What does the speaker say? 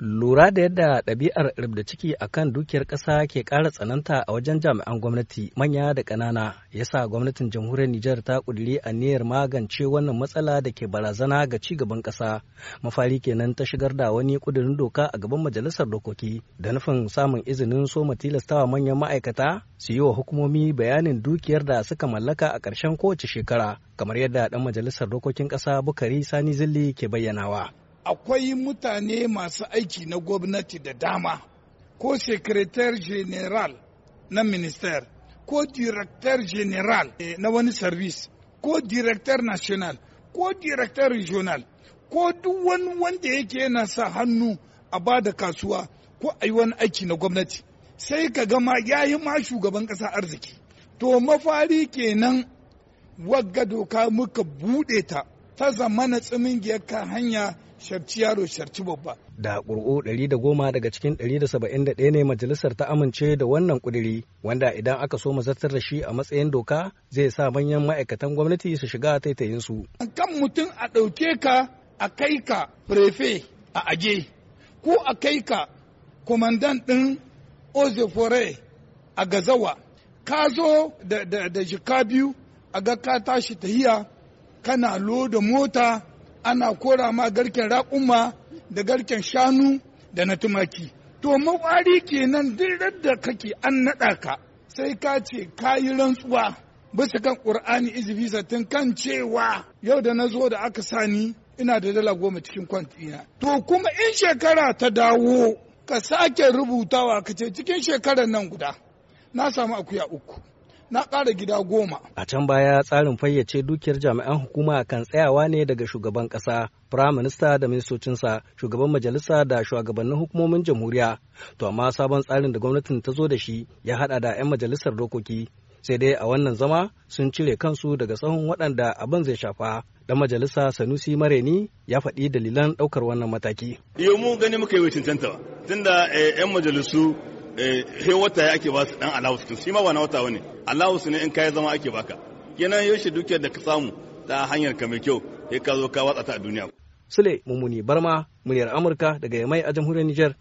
Lura da yadda ɗabi'ar rubda ciki a kan dukiyar ƙasa ke ƙara tsananta a wajen jami'an gwamnati manya da ƙanana ya sa gwamnatin jamhuriyar Nijar ta ƙudiri niyyar magance wannan matsala da ke barazana ga ci gaban ƙasa. Mafari kenan ta shigar da wani ƙudurin doka a gaban majalisar dokoki da nufin samun izinin soma tilastawa manyan ma'aikata su yi wa hukumomi bayanin dukiyar da suka mallaka a ƙarshen kowace shekara kamar yadda ɗan majalisar dokokin ƙasa Bukari Sani Zilli ke bayyanawa. akwai mutane masu aiki na gwamnati da dama ko sekretar general na minister ko director general eh, na wani service ko director national ko director regional ko duk wani wanda yake yana sa hannu a ba da kasuwa ko a yi wani aiki na gwamnati sai ka gama ya yi ma shugaban ƙasa arziki to mafari kenan wagga doka muka buɗe ta ta zamana tsimingiyar kan hanya sharci yaro sharci babba. Da ƙuri'u 110 daga cikin 171 ne majalisar ta amince da wannan ƙudiri wanda idan aka so mazartar da shi a matsayin doka zai sa manyan ma'aikatan gwamnati su shiga su Kan mutum a ɗauke ka a kai ka prefe a aje ko a kai ka kwamandan ɗin Ozefore a Gazawa ka zo da, jika biyu a ga ka tashi tahiya kana loda mota ana kora ma garken raƙuma da garken shanu da na tumaki to mawari kenan duk da kake an naɗa ka sai ka ce ka yi rantsuwa bisa kan ƙur'ani izifi tun kan cewa yau da na zo da aka sani ina da dala goma cikin kwantina to kuma in shekara ta dawo ka sake rubutawa ka ce cikin shekarar nan guda na samu akuya uku na ƙara gida goma. A can baya tsarin fayyace dukiyar jami'an hukuma kan tsayawa ne daga shugaban ƙasa, firaminista da ministocinsa, shugaban majalisa da shugabannin hukumomin jamhuriya. To amma sabon tsarin da gwamnatin ta zo da shi ya haɗa da 'yan majalisar dokoki. Sai dai a wannan zama sun cire kansu daga tsawon waɗanda abin zai shafa. Dan majalisa Sanusi Mareni ya faɗi dalilan ɗaukar wannan mataki. Iyo mu gani muka yi wa cancanta tunda eh, 'yan majalisu Eh, he wata ya ake ba su dan allowance kin shi ma wani ne wata bane allowance ne in kai zama ake baka kenan shi dukiyar da ka samu ta hanyar ka mai kyau he ka zo ka watsa ta a duniya sule mumuni barma muryar amurka daga yamai a jamhuriyar niger